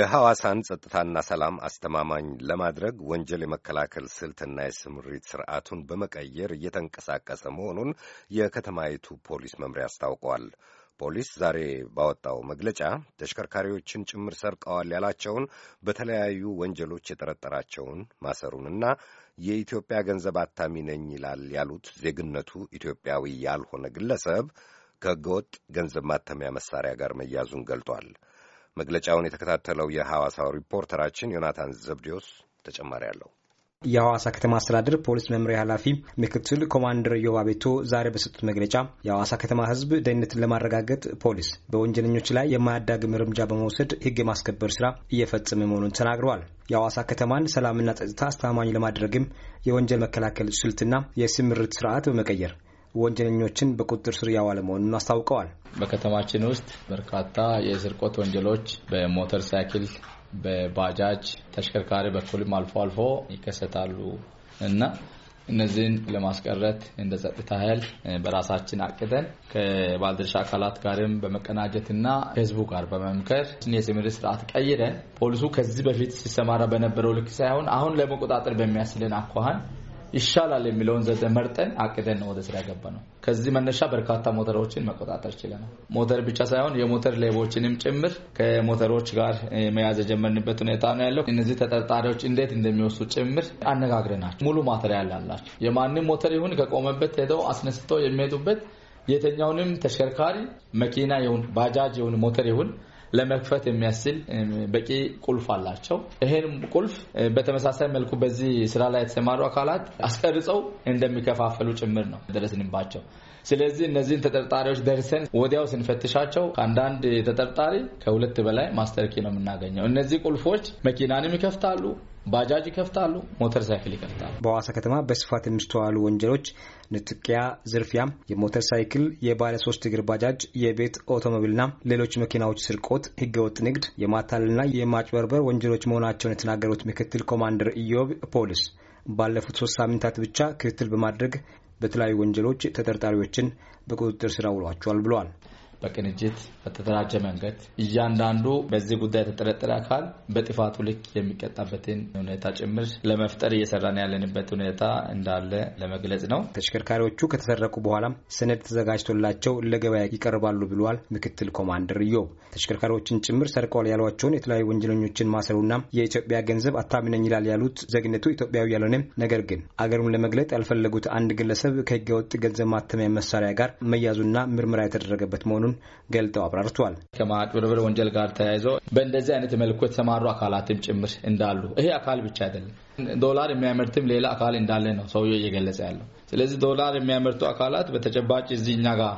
የሐዋሳን ጸጥታና ሰላም አስተማማኝ ለማድረግ ወንጀል የመከላከል ስልትና የስምሪት ስርዓቱን በመቀየር እየተንቀሳቀሰ መሆኑን የከተማይቱ ፖሊስ መምሪያ አስታውቋል። ፖሊስ ዛሬ ባወጣው መግለጫ ተሽከርካሪዎችን ጭምር ሰርቀዋል ያላቸውን በተለያዩ ወንጀሎች የጠረጠራቸውን ማሰሩንና የኢትዮጵያ ገንዘብ አታሚ ነኝ ይላል ያሉት ዜግነቱ ኢትዮጵያዊ ያልሆነ ግለሰብ ከህገወጥ ገንዘብ ማተሚያ መሳሪያ ጋር መያዙን ገልጧል። መግለጫውን የተከታተለው የሐዋሳው ሪፖርተራችን ዮናታን ዘብዲዮስ ተጨማሪ አለው። የሐዋሳ ከተማ አስተዳደር ፖሊስ መምሪያ ኃላፊ ምክትል ኮማንደር ዮባ ቤቶ ዛሬ በሰጡት መግለጫ የሐዋሳ ከተማ ሕዝብ ደህንነትን ለማረጋገጥ ፖሊስ በወንጀለኞች ላይ የማያዳግም እርምጃ በመውሰድ ሕግ የማስከበር ስራ እየፈጸመ መሆኑን ተናግረዋል። የሐዋሳ ከተማን ሰላምና ጸጥታ አስተማማኝ ለማድረግም የወንጀል መከላከል ስልትና የስምርት ስርዓት በመቀየር ወንጀለኞችን በቁጥጥር ስር ያዋለ መሆኑን አስታውቀዋል። በከተማችን ውስጥ በርካታ የስርቆት ወንጀሎች በሞተር ሳይክል፣ በባጃጅ ተሽከርካሪ በኩልም አልፎ አልፎ ይከሰታሉ እና እነዚህን ለማስቀረት እንደ ጸጥታ ኃይል በራሳችን አቅደን ከባለድርሻ አካላት ጋርም በመቀናጀትና ከህዝቡ ጋር በመምከር የስምሪት ስርዓት ቀይረን ፖሊሱ ከዚህ በፊት ሲሰማራ በነበረው ልክ ሳይሆን አሁን ለመቆጣጠር በሚያስችለን አኳኋን ይሻላል የሚለውን ዘዴ መርጠን አቅደን ነው ወደ ስራ ነው። ከዚህ መነሻ በርካታ ሞተሮችን መቆጣጠር ችለናል። ሞተር ብቻ ሳይሆን የሞተር ሌቦችንም ጭምር ከሞተሮች ጋር መያዝ የጀመርንበት ሁኔታ ነው ያለው። እነዚህ ተጠርጣሪዎች እንዴት እንደሚወስዱ ጭምር አነጋግረናቸው ሙሉ ማተሪያል አላቸው። የማንም ሞተር ይሁን ከቆመበት ሄደው አስነስተው የሚሄዱበት የትኛውንም ተሽከርካሪ መኪና ይሁን ባጃጅ ይሁን ሞተር ይሁን ለመክፈት የሚያስችል በቂ ቁልፍ አላቸው። ይህን ቁልፍ በተመሳሳይ መልኩ በዚህ ስራ ላይ የተሰማሩ አካላት አስቀርጸው እንደሚከፋፈሉ ጭምር ነው ደረስንባቸው። ስለዚህ እነዚህን ተጠርጣሪዎች ደርሰን ወዲያው ስንፈትሻቸው ከአንዳንድ ተጠርጣሪ ከሁለት በላይ ማስተርኪ ነው የምናገኘው። እነዚህ ቁልፎች መኪናንም ይከፍታሉ፣ ባጃጅ ይከፍታሉ፣ ሞተር ሳይክል ይከፍታሉ። በሐዋሳ ከተማ በስፋት የሚስተዋሉ ወንጀሎች ንጥቂያ፣ ዝርፊያ፣ የሞተር ሳይክል፣ የባለ ሶስት እግር ባጃጅ፣ የቤት ኦቶሞቢልና ሌሎች መኪናዎች ስርቆት፣ ህገወጥ ንግድ፣ የማታለልና የማጭበርበር ወንጀሎች መሆናቸውን የተናገሩት ምክትል ኮማንደር ኢዮብ ፖሊስ ባለፉት ሶስት ሳምንታት ብቻ ክትትል በማድረግ በተለያዩ ወንጀሎች ተጠርጣሪዎችን በቁጥጥር ስር አውሏቸዋል ብለዋል። በቅንጅት በተደራጀ መንገድ እያንዳንዱ በዚህ ጉዳይ የተጠረጠረ አካል በጥፋቱ ልክ የሚቀጣበትን ሁኔታ ጭምር ለመፍጠር እየሰራን ያለንበት ሁኔታ እንዳለ ለመግለጽ ነው። ተሽከርካሪዎቹ ከተሰረቁ በኋላም ሰነድ ተዘጋጅቶላቸው ለገበያ ይቀርባሉ ብሏል ምክትል ኮማንደር ኢዮብ። ተሽከርካሪዎችን ጭምር ሰርቀዋል ያሏቸውን የተለያዩ ወንጀለኞችን ማሰሩና የኢትዮጵያ ገንዘብ አታምነኝ ይላል ያሉት ዜግነቱ ኢትዮጵያዊ ያልሆነም ነገር ግን አገሩን ለመግለጥ ያልፈለጉት አንድ ግለሰብ ከህገወጥ ገንዘብ ማተሚያ መሳሪያ ጋር መያዙና ምርመራ የተደረገበት መሆኑን መሆኑን ገልጠው አብራርቷል። ከማጭበርበር ወንጀል ጋር ተያይዞ በእንደዚህ አይነት መልኩ የተሰማሩ አካላትም ጭምር እንዳሉ ይሄ አካል ብቻ አይደለም ዶላር የሚያመርትም ሌላ አካል እንዳለ ነው ሰውየ እየገለጸ ያለው። ስለዚህ ዶላር የሚያመርቱ አካላት በተጨባጭ እዚህ እኛ ጋር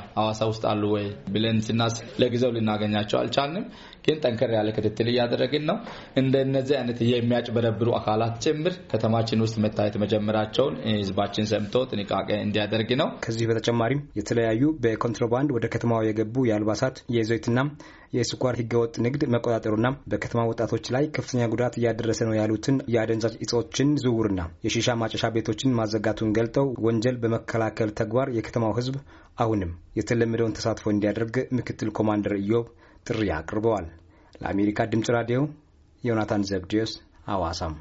ውስጥ አሉ ወይ ብለን ስናስ ለጊዜው ልናገኛቸው አልቻልንም። ግን ጠንከር ያለ ክትትል እያደረግን ነው። እነዚህ አይነት የሚያጭበረብሩ አካላት ጭምር ከተማችን ውስጥ መታየት መጀመራቸውን ህዝባችን ሰምቶ ጥንቃቄ እንዲያደርግ ነው። ከዚህ በተጨማሪም የተለያዩ በኮንትሮባንድ ወደ ከተማው የገቡ የአልባሳት የዘይትና የስኳር ህገወጥ ንግድ መቆጣጠሩና በከተማ ወጣቶች ላይ ከፍተኛ ጉዳት እያደረሰ ነው ያሉትን የአደንዛዥ እጾችን ዝውውርና የሺሻ ማጨሻ ቤቶችን ማዘጋቱን ገልጠው ወንጀል በመከላከል ተግባር የከተማው ህዝብ አሁንም የተለመደውን ተሳትፎ እንዲያደርግ ምክትል ኮማንደር ኢዮብ ጥሪ አቅርበዋል። ለአሜሪካ ድምፅ ራዲዮ ዮናታን ዘብድዮስ አዋሳም